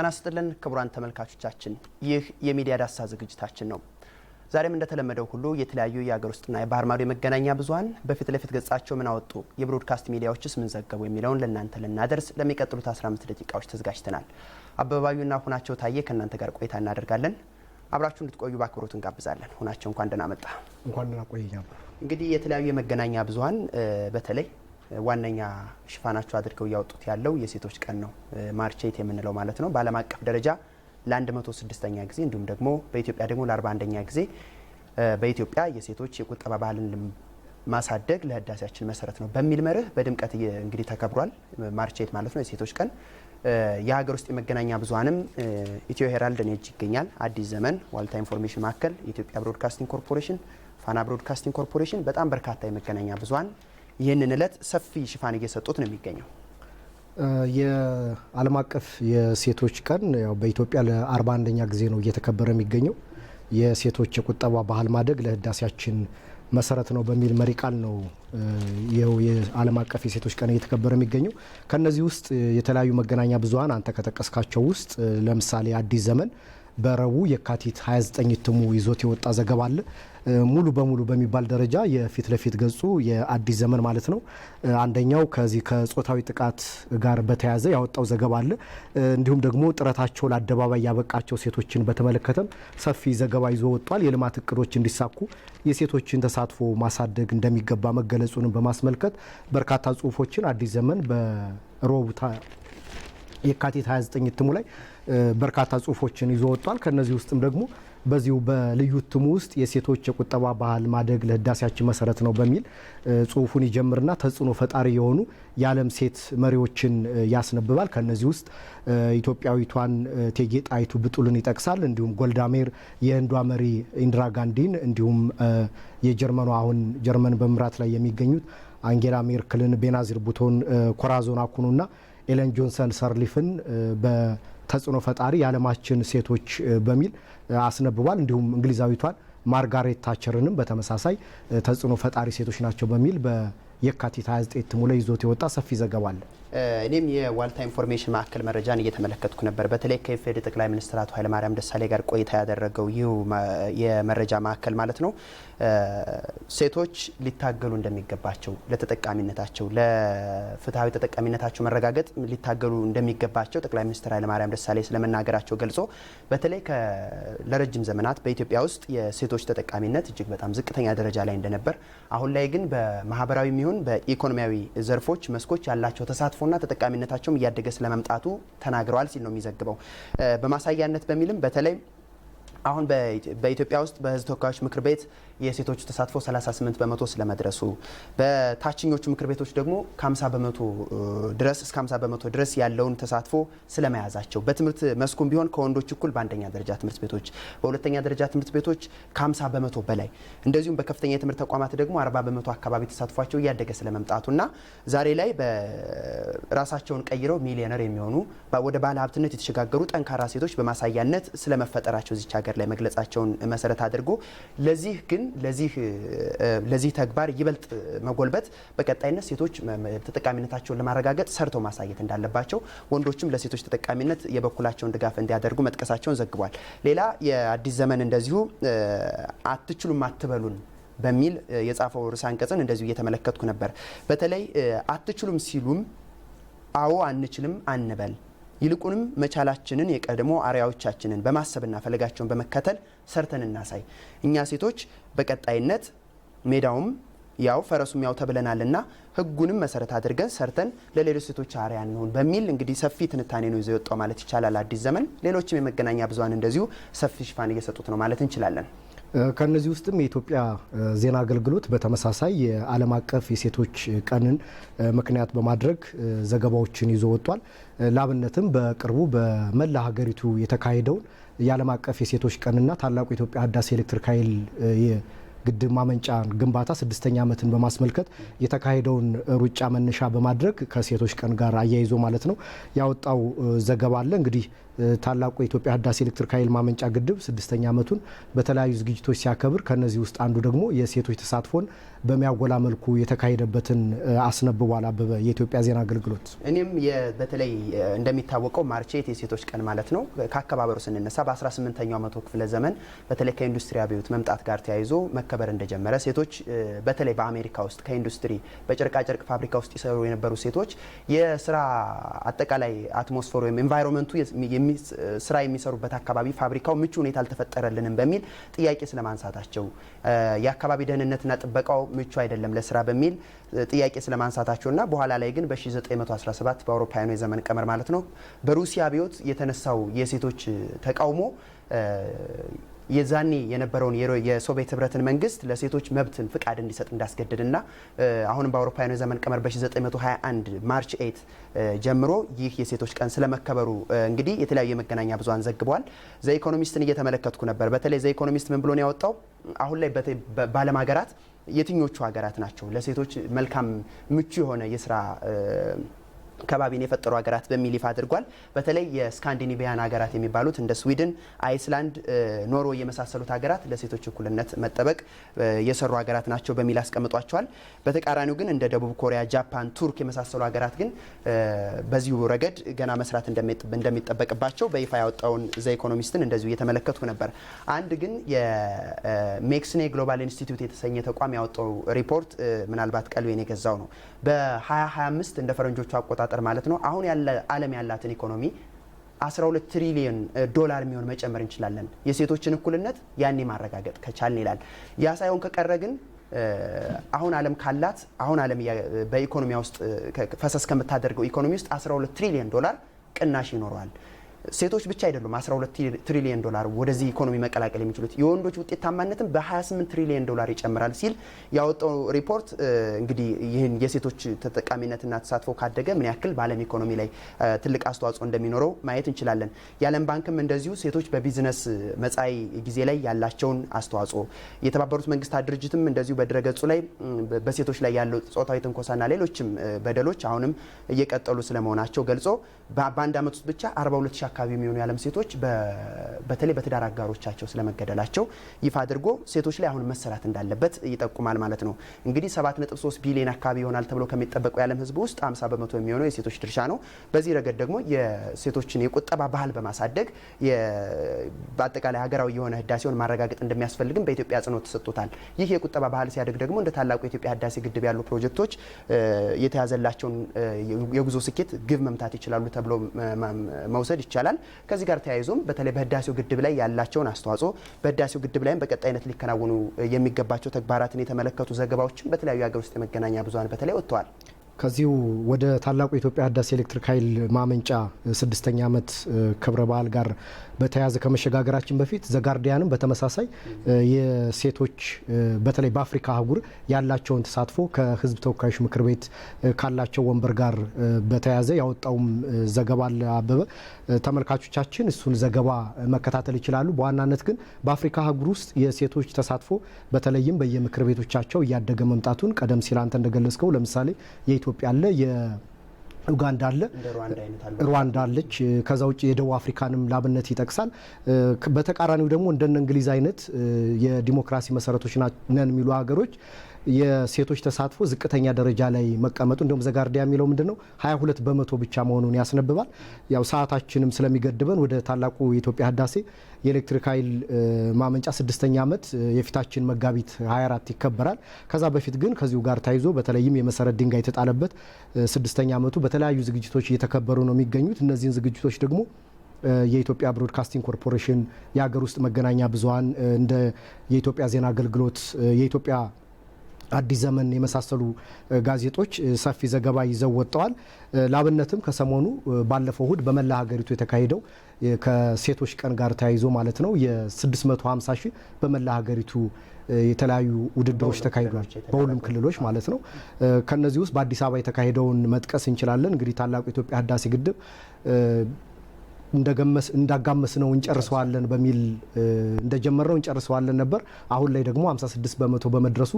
ጤና ይስጥልን ክቡራን ተመልካቾቻችን፣ ይህ የሚዲያ ዳሰሳ ዝግጅታችን ነው። ዛሬም እንደተለመደው ሁሉ የተለያዩ የሀገር ውስጥና የባህር ማዶ የመገናኛ ብዙኃን በፊት ለፊት ገጻቸው ምን አወጡ፣ የብሮድካስት ሚዲያዎችስ ምን ዘገቡ የሚለውን ለእናንተ ልናደርስ ለሚቀጥሉት 15 ደቂቃዎች ተዘጋጅተናል። አበባዩና ሁናቸው ታዬ ከእናንተ ጋር ቆይታ እናደርጋለን። አብራችሁ እንድትቆዩ በአክብሮት እንጋብዛለን። ሁናቸው እንኳን ደህና መጣ። እንኳን ደህና ቆየ። እንግዲህ የተለያዩ የመገናኛ ብዙኃን በተለይ ዋነኛ ሽፋናቸው አድርገው እያወጡት ያለው የሴቶች ቀን ነው ማርቼት የምንለው ማለት ነው። በዓለም አቀፍ ደረጃ ለ106ኛ ጊዜ እንዲሁም ደግሞ በኢትዮጵያ ደግሞ ለ41ኛ ጊዜ በኢትዮጵያ የሴቶች የቁጠባ ባህልን ማሳደግ ለህዳሴያችን መሰረት ነው በሚል መርህ በድምቀት እንግዲህ ተከብሯል። ማርቼት ማለት ነው የሴቶች ቀን። የሀገር ውስጥ የመገናኛ ብዙሀንም ኢትዮ ሄራልድ ኔጅ ይገኛል፣ አዲስ ዘመን፣ ዋልታ ኢንፎርሜሽን ማዕከል፣ የኢትዮጵያ ብሮድካስቲንግ ኮርፖሬሽን፣ ፋና ብሮድካስቲንግ ኮርፖሬሽን በጣም በርካታ የመገናኛ ብዙሀን ይህንን እለት ሰፊ ሽፋን እየሰጡት ነው የሚገኘው። የዓለም አቀፍ የሴቶች ቀን ያው በኢትዮጵያ ለ 41 ጊዜ ነው እየተከበረ የሚገኘው። የሴቶች የቁጠባ ባህል ማደግ ለህዳሴያችን መሰረት ነው በሚል መሪ ቃል ነው ይኸው የዓለም አቀፍ የሴቶች ቀን እየተከበረ የሚገኘው። ከነዚህ ውስጥ የተለያዩ መገናኛ ብዙኃን አንተ ከጠቀስካቸው ውስጥ ለምሳሌ አዲስ ዘመን በረቡ የካቲት 29 እትሙ ይዞት የወጣ ዘገባ አለ። ሙሉ በሙሉ በሚባል ደረጃ የፊት ለፊት ገጹ የአዲስ ዘመን ማለት ነው። አንደኛው ከዚህ ከጾታዊ ጥቃት ጋር በተያያዘ ያወጣው ዘገባ አለ። እንዲሁም ደግሞ ጥረታቸው ለአደባባይ ያበቃቸው ሴቶችን በተመለከተም ሰፊ ዘገባ ይዞ ወጥቷል። የልማት እቅዶች እንዲሳኩ የሴቶችን ተሳትፎ ማሳደግ እንደሚገባ መገለጹንም በማስመልከት በርካታ ጽሁፎችን አዲስ ዘመን በሮቡ የካቲት 29 እትሙ ላይ በርካታ ጽሁፎችን ይዞ ወጥቷል። ከነዚህ ውስጥም ደግሞ በዚሁ በልዩ እትሙ ውስጥ የሴቶች የቁጠባ ባህል ማደግ ለህዳሴያችን መሰረት ነው በሚል ጽሁፉን ይጀምርና ተጽዕኖ ፈጣሪ የሆኑ የዓለም ሴት መሪዎችን ያስነብባል። ከነዚህ ውስጥ ኢትዮጵያዊቷን እቴጌ ጣይቱ ብጡልን ይጠቅሳል። እንዲሁም ጎልዳ ሜር የህንዷ መሪ ኢንዲራ ጋንዲን፣ እንዲሁም የጀርመኗ አሁን ጀርመን በምራት ላይ የሚገኙት አንጌላ ሜርክልን፣ ቤናዚር ቡቶን፣ ኮራዞን አኩኑና ኤለን ጆንሰን ሰርሊፍን በተጽዕኖ ፈጣሪ የዓለማችን ሴቶች በሚል አስነብቧል። እንዲሁም እንግሊዛዊቷን ማርጋሬት ታቸርንም በተመሳሳይ ተጽዕኖ ፈጣሪ ሴቶች ናቸው በሚል በየካቲት 29 እትሙ ላይ ይዞት የወጣ ሰፊ ዘገባ አለ። እኔም የዋልታ ኢንፎርሜሽን ማዕከል መረጃን እየተመለከትኩ ነበር። በተለይ ከኢፌዴሪ ጠቅላይ ሚኒስትር አቶ ኃይለማርያም ደሳሌ ጋር ቆይታ ያደረገው ይህ የመረጃ ማዕከል ማለት ነው ሴቶች ሊታገሉ እንደሚገባቸው ለተጠቃሚነታቸው ለፍትሐዊ ተጠቃሚነታቸው መረጋገጥ ሊታገሉ እንደሚገባቸው ጠቅላይ ሚኒስትር ኃይለማርያም ደሳሌ ስለመናገራቸው ገልጾ በተለይ ለረጅም ዘመናት በኢትዮጵያ ውስጥ የሴቶች ተጠቃሚነት እጅግ በጣም ዝቅተኛ ደረጃ ላይ እንደነበር፣ አሁን ላይ ግን በማህበራዊ የሚሆን በኢኮኖሚያዊ ዘርፎች መስኮች ያላቸው ተሳትፎ ተሳትፎና ተጠቃሚነታቸውም እያደገ ስለመምጣቱ ተናግረዋል ሲል ነው የሚዘግበው። በማሳያነት በሚልም በተለይ አሁን በኢትዮጵያ ውስጥ በህዝብ ተወካዮች ምክር ቤት የሴቶች ተሳትፎ 38 በመቶ ስለመድረሱ በታችኞቹ ምክር ቤቶች ደግሞ ከ50 በመቶ ድረስ እስከ 50 በመቶ ድረስ ያለውን ተሳትፎ ስለመያዛቸው በትምህርት መስኩም ቢሆን ከወንዶች እኩል በአንደኛ ደረጃ ትምህርት ቤቶች፣ በሁለተኛ ደረጃ ትምህርት ቤቶች ከ50 በመቶ በላይ እንደዚሁም በከፍተኛ የትምህርት ተቋማት ደግሞ 40 በመቶ አካባቢ ተሳትፏቸው እያደገ ስለመምጣቱና ዛሬ ላይ ራሳቸውን ቀይረው ሚሊዮነር የሚሆኑ ወደ ባለ ሀብትነት የተሸጋገሩ ጠንካራ ሴቶች በማሳያነት ስለመፈጠራቸው እዚች ሀገር ላይ መግለጻቸውን መሰረት አድርጎ ለዚህ ግን ለዚህ ተግባር ይበልጥ መጎልበት በቀጣይነት ሴቶች ተጠቃሚነታቸውን ለማረጋገጥ ሰርቶ ማሳየት እንዳለባቸው፣ ወንዶችም ለሴቶች ተጠቃሚነት የበኩላቸውን ድጋፍ እንዲያደርጉ መጥቀሳቸውን ዘግቧል። ሌላ የአዲስ ዘመን እንደዚሁ አትችሉም አትበሉን በሚል የጻፈው ርዕሰ አንቀጽን እንደዚሁ እየተመለከትኩ ነበር። በተለይ አትችሉም ሲሉም አዎ አንችልም አንበል ይልቁንም መቻላችንን የቀድሞ አርያዎቻችንን በማሰብና ፈለጋቸውን በመከተል ሰርተን እናሳይ። እኛ ሴቶች በቀጣይነት ሜዳውም ያው ፈረሱም ያው ተብለናልና ህጉንም መሰረት አድርገን ሰርተን ለሌሎች ሴቶች አርያ እንሆን በሚል እንግዲህ ሰፊ ትንታኔ ነው ይዘው የወጣው ማለት ይቻላል አዲስ ዘመን። ሌሎችም የመገናኛ ብዙኃን እንደዚሁ ሰፊ ሽፋን እየሰጡት ነው ማለት እንችላለን። ከነዚህ ውስጥም የኢትዮጵያ ዜና አገልግሎት በተመሳሳይ የዓለም አቀፍ የሴቶች ቀንን ምክንያት በማድረግ ዘገባዎችን ይዞ ወጥቷል። ላብነትም በቅርቡ በመላ ሀገሪቱ የተካሄደውን የዓለም አቀፍ የሴቶች ቀንና ታላቁ የኢትዮጵያ ህዳሴ ኤሌክትሪክ ኃይል ግድብ ማመንጫ ግንባታ ስድስተኛ ዓመትን በማስመልከት የተካሄደውን ሩጫ መነሻ በማድረግ ከሴቶች ቀን ጋር አያይዞ ማለት ነው ያወጣው ዘገባ አለ እንግዲህ ታላቁ የኢትዮጵያ ህዳሴ ኤሌክትሪክ ኃይል ማመንጫ ግድብ ስድስተኛ ዓመቱን በተለያዩ ዝግጅቶች ሲያከብር ከነዚህ ውስጥ አንዱ ደግሞ የሴቶች ተሳትፎን በሚያጎላ መልኩ የተካሄደበትን አስነብቧል። አበበ የኢትዮጵያ ዜና አገልግሎት። እኔም በተለይ እንደሚታወቀው ማርቼት የሴቶች ቀን ማለት ነው። ከአከባበሩ ስንነሳ በ18ኛው መቶ ክፍለ ዘመን በተለይ ከኢንዱስትሪ አብዮት መምጣት ጋር ተያይዞ መከበር እንደጀመረ ሴቶች በተለይ በአሜሪካ ውስጥ ከኢንዱስትሪ በጨርቃጨርቅ ፋብሪካ ውስጥ ይሰሩ የነበሩ ሴቶች የስራ አጠቃላይ አትሞስፌሩ ወይም ኤንቫይሮንመንቱ ስራ የሚሰሩበት አካባቢ ፋብሪካው ምቹ ሁኔታ አልተፈጠረልንም በሚል ጥያቄ ስለማንሳታቸው የአካባቢ ደህንነትና ጥበቃው ምቹ አይደለም ለስራ በሚል ጥያቄ ስለማንሳታቸውና በኋላ ላይ ግን በ1917 በአውሮፓውያኑ የዘመን ቀመር ማለት ነው በሩሲያ አብዮት የተነሳው የሴቶች ተቃውሞ የዛኔ የነበረውን የሶቪየት ህብረትን መንግስት ለሴቶች መብትን ፍቃድ እንዲሰጥ እንዳስገድድና አሁንም በአውሮፓውያኑ የዘመን ቀመር በ1921 ማርች 8 ጀምሮ ይህ የሴቶች ቀን ስለመከበሩ እንግዲህ የተለያዩ የመገናኛ ብዙሃን ዘግበዋል። ዘኢኮኖሚስትን እየተመለከትኩ ነበር። በተለይ ዘኢኮኖሚስት ምን ብሎን ያወጣው አሁን ላይ በዓለም ሀገራት የትኞቹ ሀገራት ናቸው ለሴቶች መልካም ምቹ የሆነ የስራ ከባቢን የፈጠሩ ሀገራት በሚል ይፋ አድርጓል። በተለይ የስካንዲኔቪያን ሀገራት የሚባሉት እንደ ስዊድን፣ አይስላንድ፣ ኖሮ የመሳሰሉት ሀገራት ለሴቶች እኩልነት መጠበቅ የሰሩ ሀገራት ናቸው በሚል አስቀምጧቸዋል። በተቃራኒው ግን እንደ ደቡብ ኮሪያ፣ ጃፓን፣ ቱርክ የመሳሰሉ ሀገራት ግን በዚሁ ረገድ ገና መስራት እንደሚጠበቅባቸው በይፋ ያወጣውን ዘ ኢኮኖሚስትን እንደዚሁ እየተመለከትኩ ነበር። አንድ ግን የሜክስኔ ግሎባል ኢንስቲትዩት የተሰኘ ተቋም ያወጣው ሪፖርት ምናልባት ቀልቤን የገዛው ነው በ2025 እንደ ፈረንጆቹ አቆጣ አቆጣጠር ማለት ነው አሁን ያለ ዓለም ያላትን ኢኮኖሚ 12 ትሪሊዮን ዶላር የሚሆን መጨመር እንችላለን የሴቶችን እኩልነት ያኔ ማረጋገጥ ከቻልን ይላል። ያ ሳይሆን ከቀረ ግን አሁን ዓለም ካላት አሁን ዓለም በኢኮኖሚያ ውስጥ ፈሰስ ከምታደርገው ኢኮኖሚ ውስጥ 12 ትሪሊዮን ዶላር ቅናሽ ይኖረዋል። ሴቶች ብቻ አይደሉም 12 ትሪሊየን ዶላር ወደዚህ ኢኮኖሚ መቀላቀል የሚችሉት የወንዶች ውጤታማነትም በ28 ትሪሊየን ዶላር ይጨምራል ሲል ያወጣው ሪፖርት እንግዲህ ይህን የሴቶች ተጠቃሚነትና ተሳትፎ ካደገ ምን ያክል በዓለም ኢኮኖሚ ላይ ትልቅ አስተዋጽኦ እንደሚኖረው ማየት እንችላለን። የዓለም ባንክም እንደዚሁ ሴቶች በቢዝነስ መጻኢ ጊዜ ላይ ያላቸውን አስተዋጽኦ፣ የተባበሩት መንግስታት ድርጅትም እንደዚሁ በድረገጹ ላይ በሴቶች ላይ ያለው ጾታዊ ትንኮሳና ሌሎችም በደሎች አሁንም እየቀጠሉ ስለመሆናቸው ገልጾ በአንድ ዓመት ውስጥ ብቻ አካባቢ የሚሆኑ የዓለም ሴቶች በተለይ በትዳር አጋሮቻቸው ስለመገደላቸው ይፋ አድርጎ ሴቶች ላይ አሁን መሰራት እንዳለበት ይጠቁማል ማለት ነው። እንግዲህ 7.3 ቢሊዮን አካባቢ ይሆናል ተብሎ ከሚጠበቀው የዓለም ሕዝብ ውስጥ 50 በመቶ የሚሆነው የሴቶች ድርሻ ነው። በዚህ ረገድ ደግሞ የሴቶችን የቁጠባ ባህል በማሳደግ በአጠቃላይ ሀገራዊ የሆነ ህዳሴውን ማረጋገጥ እንደሚያስፈልግም በኢትዮጵያ አጽንኦት ተሰጥቶታል። ይህ የቁጠባ ባህል ሲያድግ ደግሞ እንደ ታላቁ የኢትዮጵያ ህዳሴ ግድብ ያሉ ፕሮጀክቶች የተያዘላቸውን የጉዞ ስኬት ግብ መምታት ይችላሉ ተብሎ መውሰድ ይቻላል። ይቻላል። ከዚህ ጋር ተያይዞም በተለይ በህዳሴው ግድብ ላይ ያላቸውን አስተዋጽኦ በህዳሴው ግድብ ላይም በቀጣይነት ሊከናወኑ የሚገባቸው ተግባራትን የተመለከቱ ዘገባዎችን በተለያዩ ሀገር ውስጥ የመገናኛ ብዙሀን በተለይ ወጥተዋል። ከዚሁ ወደ ታላቁ የኢትዮጵያ ህዳሴ ኤሌክትሪክ ኃይል ማመንጫ ስድስተኛ ዓመት ክብረ በዓል ጋር በተያያዘ ከመሸጋገራችን በፊት ዘጋርዲያንም በተመሳሳይ የሴቶች በተለይ በአፍሪካ አህጉር ያላቸውን ተሳትፎ ከህዝብ ተወካዮች ምክር ቤት ካላቸው ወንበር ጋር በተያያዘ ያወጣውም ዘገባ አለ። አበበ ተመልካቾቻችን እሱን ዘገባ መከታተል ይችላሉ። በዋናነት ግን በአፍሪካ አህጉር ውስጥ የሴቶች ተሳትፎ በተለይም በየምክር ቤቶቻቸው እያደገ መምጣቱን ቀደም ሲል አንተ እንደገለጽከው ለምሳሌ ኢትዮጵያ አለ፣ የኡጋንዳ አለ፣ ሩዋንዳ አለች። ከዛ ውጭ የደቡብ አፍሪካንም ላብነት ይጠቅሳል። በተቃራኒው ደግሞ እንደነ እንግሊዝ አይነት የዲሞክራሲ መሰረቶች ነን የሚሉ ሀገሮች የሴቶች ተሳትፎ ዝቅተኛ ደረጃ ላይ መቀመጡ እንዲሁም ዘጋርዲያ የሚለው ምንድን ነው 22 በመቶ ብቻ መሆኑን ያስነብባል። ያው ሰዓታችንም ስለሚገድበን ወደ ታላቁ የኢትዮጵያ ህዳሴ የኤሌክትሪክ ኃይል ማመንጫ ስድስተኛ ዓመት የፊታችን መጋቢት 24 ይከበራል። ከዛ በፊት ግን ከዚሁ ጋር ታይዞ በተለይም የመሰረት ድንጋይ የተጣለበት ስድስተኛ ዓመቱ በተለያዩ ዝግጅቶች እየተከበሩ ነው የሚገኙት። እነዚህን ዝግጅቶች ደግሞ የኢትዮጵያ ብሮድካስቲንግ ኮርፖሬሽን፣ የሀገር ውስጥ መገናኛ ብዙሀን እንደ የኢትዮጵያ ዜና አገልግሎት፣ የኢትዮጵያ አዲስ ዘመን የመሳሰሉ ጋዜጦች ሰፊ ዘገባ ይዘው ወጥተዋል። ላብነትም ከሰሞኑ ባለፈው እሁድ በመላ ሀገሪቱ የተካሄደው ከሴቶች ቀን ጋር ተያይዞ ማለት ነው የ650 ሺህ በመላ ሀገሪቱ የተለያዩ ውድድሮች ተካሂዷል፣ በሁሉም ክልሎች ማለት ነው። ከነዚህ ውስጥ በአዲስ አበባ የተካሄደውን መጥቀስ እንችላለን። እንግዲህ ታላቁ የኢትዮጵያ ህዳሴ ግድብ እንዳጋመስ ነው እንጨርሰዋለን በሚል እንደጀመር ነው እንጨርሰዋለን ነበር። አሁን ላይ ደግሞ 56 በመቶ በመድረሱ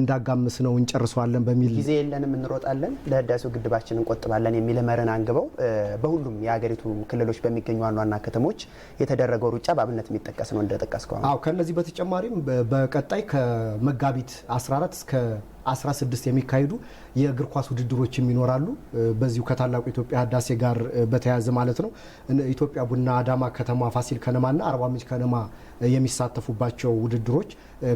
እንዳጋመስ ነው እንጨርሰዋለን በሚል ጊዜ የለንም እንሮጣለን፣ ለህዳሴው ግድባችን እንቆጥባለን የሚል መርን አንግበው በሁሉም የሀገሪቱ ክልሎች በሚገኙ ዋና ዋና ከተሞች የተደረገው ሩጫ በአብነት የሚጠቀስ ነው እንደጠቀስከው። አዎ ከነዚህ በተጨማሪም በቀጣይ ከመጋቢት 14 እስከ 16 የሚካሄዱ የእግር ኳስ ውድድሮችም ይኖራሉ። በዚሁ ከታላቁ ኢትዮጵያ ህዳሴ ጋር በተያያዘ ማለት ነው። ኢትዮጵያ ቡና፣ አዳማ ከተማ፣ ፋሲል ከነማና አርባ ምንጭ ከነማ የሚሳተፉባቸው ውድድሮች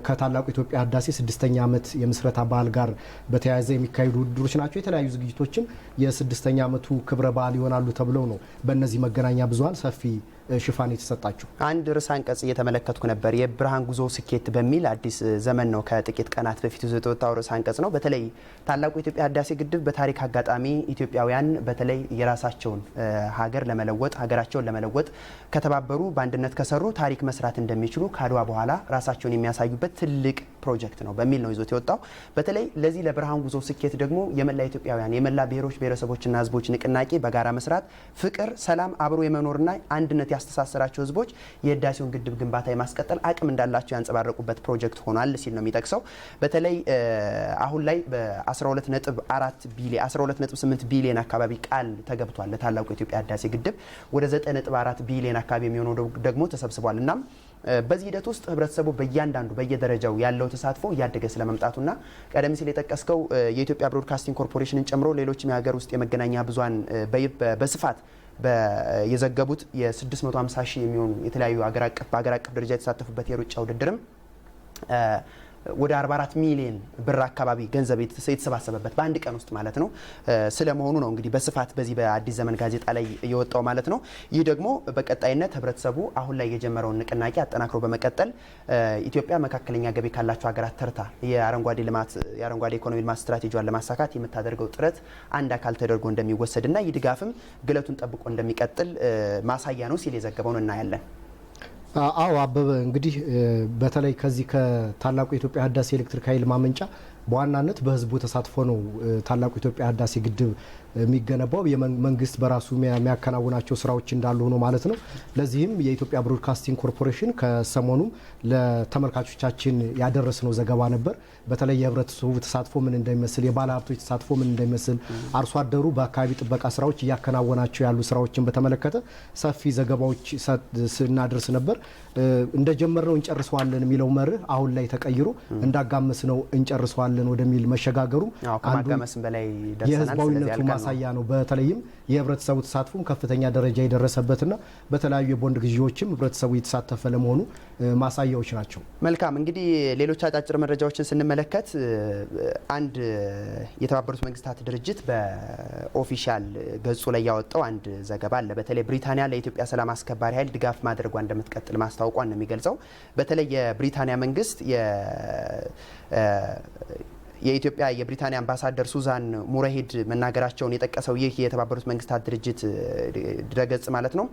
ከታላቁ ኢትዮጵያ ህዳሴ ስድስተኛ ዓመት የምስረታ በዓል ጋር በተያያዘ የሚካሄዱ ውድድሮች ናቸው። የተለያዩ ዝግጅቶችም የስድስተኛ ዓመቱ ክብረ በዓል ይሆናሉ ተብለው ነው በእነዚህ መገናኛ ብዙሀን ሰፊ ሽፋን የተሰጣችሁ? አንድ ርዕሰ አንቀጽ እየተመለከትኩ ነበር። የብርሃን ጉዞ ስኬት በሚል አዲስ ዘመን ነው ከጥቂት ቀናት በፊት ይዞ የወጣው ርዕሰ አንቀጽ ነው። በተለይ ታላቁ የኢትዮጵያ ህዳሴ ግድብ በታሪክ አጋጣሚ ኢትዮጵያውያን በተለይ የራሳቸውን ሀገር ለመለወጥ ሀገራቸውን ለመለወጥ ከተባበሩ በአንድነት ከሰሩ ታሪክ መስራት እንደሚችሉ ከአድዋ በኋላ ራሳቸውን የሚያሳዩበት ትልቅ ፕሮጀክት ነው በሚል ነው ይዞት የወጣው። በተለይ ለዚህ ለብርሃን ጉዞ ስኬት ደግሞ የመላ ኢትዮጵያውያን የመላ ብሔሮች ብሔረሰቦችና ህዝቦች ንቅናቄ በጋራ መስራት፣ ፍቅር፣ ሰላም፣ አብሮ የመኖርና አንድነት ያስተሳሰራቸው ህዝቦች የህዳሴውን ግድብ ግንባታ የማስቀጠል አቅም እንዳላቸው ያንጸባረቁበት ፕሮጀክት ሆኗል ሲል ነው የሚጠቅሰው። በተለይ አሁን ላይ በ12.4 ቢሊዮን 12.8 ቢሊዮን አካባቢ ቃል ተገብቷል ለታላቁ የኢትዮጵያ ህዳሴ ግድብ ወደ 9.4 ቢሊዮን አካባቢ የሚሆነው ደግሞ ተሰብስቧል። እናም በዚህ ሂደት ውስጥ ህብረተሰቡ በእያንዳንዱ በየደረጃው ያለው ተሳትፎ እያደገ ስለመምጣቱና ቀደም ሲል የጠቀስከው የኢትዮጵያ ብሮድካስቲንግ ኮርፖሬሽንን ጨምሮ ሌሎችም የሀገር ውስጥ የመገናኛ ብዙሃን በስፋት የዘገቡት የ650 ሺህ የሚሆኑ የተለያዩ በሀገር አቀፍ ደረጃ የተሳተፉበት የሩጫ ውድድርም ወደ 44 ሚሊዮን ብር አካባቢ ገንዘብ የተሰባሰበበት በአንድ ቀን ውስጥ ማለት ነው ስለመሆኑ ነው እንግዲህ በስፋት በዚህ በአዲስ ዘመን ጋዜጣ ላይ የወጣው ማለት ነው። ይህ ደግሞ በቀጣይነት ህብረተሰቡ አሁን ላይ የጀመረውን ንቅናቄ አጠናክሮ በመቀጠል ኢትዮጵያ መካከለኛ ገቢ ካላቸው ሀገራት ተርታ የአረንጓዴ ልማት የአረንጓዴ ኢኮኖሚ ልማት ስትራቴጂዋን ለማሳካት የምታደርገው ጥረት አንድ አካል ተደርጎ እንደሚወሰድና ይህ ድጋፍም ግለቱን ጠብቆ እንደሚቀጥል ማሳያ ነው ሲል የዘገበውን እናያለን። አዎ አበበ እንግዲህ በተለይ ከዚህ ከታላቁ የኢትዮጵያ ህዳሴ ኤሌክትሪክ ኃይል ማመንጫ በዋናነት በህዝቡ ተሳትፎ ነው ታላቁ ኢትዮጵያ ህዳሴ ግድብ የሚገነባው። መንግስት በራሱ የሚያከናውናቸው ስራዎች እንዳሉ ሆኖ ማለት ነው። ለዚህም የኢትዮጵያ ብሮድካስቲንግ ኮርፖሬሽን ከሰሞኑም ለተመልካቾቻችን ያደረስነው ዘገባ ነበር። በተለይ የህብረተሰቡ ተሳትፎ ምን እንደሚመስል፣ የባለ ሀብቶች ተሳትፎ ምን እንደሚመስል፣ አርሶ አደሩ በአካባቢ ጥበቃ ስራዎች እያከናወናቸው ያሉ ስራዎችን በተመለከተ ሰፊ ዘገባዎች ስናደርስ ነበር። እንደጀመርነው እንጨርሰዋለን የሚለው መርህ አሁን ላይ ተቀይሮ እንዳጋመስ ነው እንጨርሰዋለን እንሰራለን ወደሚል መሸጋገሩ የህዝባዊነቱ ማሳያ ነው። በተለይም የህብረተሰቡ ተሳትፎም ከፍተኛ ደረጃ የደረሰበትና በተለያዩ የቦንድ ግዢዎችም ህብረተሰቡ የተሳተፈ ለመሆኑ ማሳያዎች ናቸው። መልካም እንግዲህ ሌሎች አጫጭር መረጃዎችን ስንመለከት አንድ የተባበሩት መንግስታት ድርጅት በኦፊሻል ገጹ ላይ ያወጣው አንድ ዘገባ አለ። በተለይ ብሪታንያ ለኢትዮጵያ ሰላም አስከባሪ ኃይል ድጋፍ ማድረጓ እንደምትቀጥል ማስታወቋን ነው የሚገልጸው። በተለይ የብሪታንያ መንግስት የኢትዮጵያ የብሪታንያ አምባሳደር ሱዛን ሙረሂድ መናገራቸውን የጠቀሰው ይህ የተባበሩት መንግስታት ድርጅት ድረገጽ ማለት ነው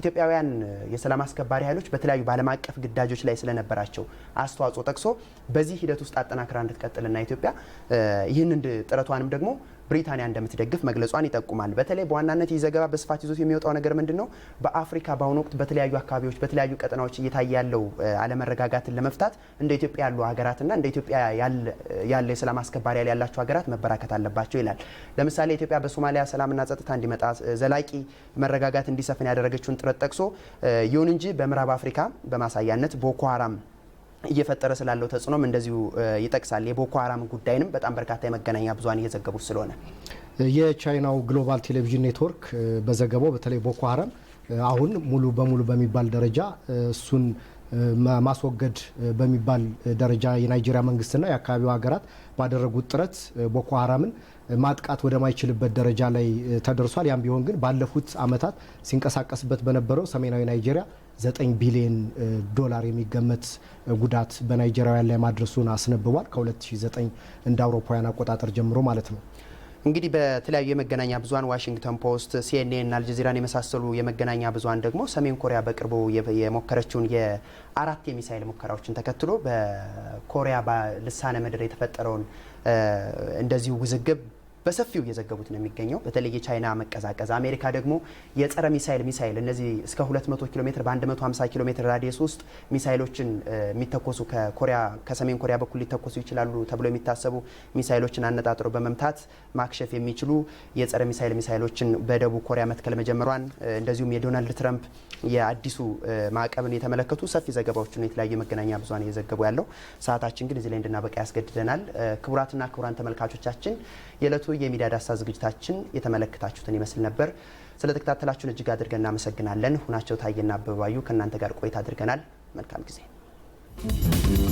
ኢትዮጵያውያን የሰላም አስከባሪ ኃይሎች በተለያዩ በዓለም አቀፍ ግዳጆች ላይ ስለነበራቸው አስተዋጽኦ ጠቅሶ በዚህ ሂደት ውስጥ አጠናክራ እንድትቀጥልና ኢትዮጵያ ይህንን ጥረቷንም ደግሞ ብሪታንያ እንደምትደግፍ መግለጿን ይጠቁማል። በተለይ በዋናነት ይህ ዘገባ በስፋት ይዞት የሚወጣው ነገር ምንድን ነው? በአፍሪካ በአሁኑ ወቅት በተለያዩ አካባቢዎች በተለያዩ ቀጠናዎች እየታየ ያለው አለመረጋጋትን ለመፍታት እንደ ኢትዮጵያ ያሉ ሀገራትና እንደ ኢትዮጵያ ያለ የሰላም አስከባሪ ያላቸው ሀገራት መበራከት አለባቸው ይላል። ለምሳሌ ኢትዮጵያ በሶማሊያ ሰላምና ጸጥታ እንዲመጣ ዘላቂ መረጋጋት እንዲሰፍን ያደረገችውን ጥረት ጠቅሶ ይሁን እንጂ በምዕራብ አፍሪካ በማሳያነት ቦኮ ሀራም እየፈጠረ ስላለው ተጽዕኖም እንደዚሁ ይጠቅሳል። የቦኮ ሀራም ጉዳይንም በጣም በርካታ የመገናኛ ብዙን እየዘገቡት ስለሆነ የቻይናው ግሎባል ቴሌቪዥን ኔትወርክ በዘገባው በተለይ ቦኮ ሀራም አሁን ሙሉ በሙሉ በሚባል ደረጃ እሱን ማስወገድ በሚባል ደረጃ የናይጄሪያ መንግስትና የአካባቢው ሀገራት ባደረጉት ጥረት ቦኮ ሀራምን ማጥቃት ወደማይችልበት ደረጃ ላይ ተደርሷል። ያም ቢሆን ግን ባለፉት አመታት ሲንቀሳቀስበት በነበረው ሰሜናዊ ናይጄሪያ ዘጠኝ ቢሊዮን ዶላር የሚገመት ጉዳት በናይጄሪያውያን ላይ ማድረሱን አስነብቧል። ከ2009 እንደ አውሮፓውያን አቆጣጠር ጀምሮ ማለት ነው። እንግዲህ በተለያዩ የመገናኛ ብዙኃን ዋሽንግተን ፖስት፣ ሲኤንኤን፣ አልጀዚራን የመሳሰሉ የመገናኛ ብዙኃን ደግሞ ሰሜን ኮሪያ በቅርቡ የሞከረችውን የአራት የሚሳይል ሙከራዎችን ተከትሎ በኮሪያ ልሳነ ምድር የተፈጠረውን እንደዚሁ ውዝግብ በሰፊው እየዘገቡት ነው የሚገኘው። በተለይ የቻይና መቀዛቀዝ፣ አሜሪካ ደግሞ የጸረ ሚሳይል ሚሳይል እነዚህ እስከ 200 ኪሎ ሜትር በ150 ኪሎ ሜትር ራዲየስ ውስጥ ሚሳይሎችን የሚተኮሱ ከኮሪያ ከሰሜን ኮሪያ በኩል ሊተኮሱ ይችላሉ ተብሎ የሚታሰቡ ሚሳይሎችን አነጣጥሮ በመምታት ማክሸፍ የሚችሉ የጸረ ሚሳይል ሚሳይሎችን በደቡብ ኮሪያ መትከል መጀመሯን እንደዚሁም የዶናልድ ትረምፕ የአዲሱ ማዕቀብን የተመለከቱ ሰፊ ዘገባዎችን የተለያዩ መገናኛ ብዙን እየዘገቡ ያለው ሰዓታችን ግን እዚህ ላይ እንድናበቃ ያስገድደናል። ክቡራትና ክቡራን ተመልካቾቻችን የዕለቱ የሚዲያ ዳሰሳ ዝግጅታችን የተመለከታችሁትን ይመስል ነበር። ስለተከታተላችሁን እጅግ አድርገን እናመሰግናለን። ሁናቸው ታየና አበባዩ ከእናንተ ጋር ቆይታ አድርገናል። መልካም ጊዜ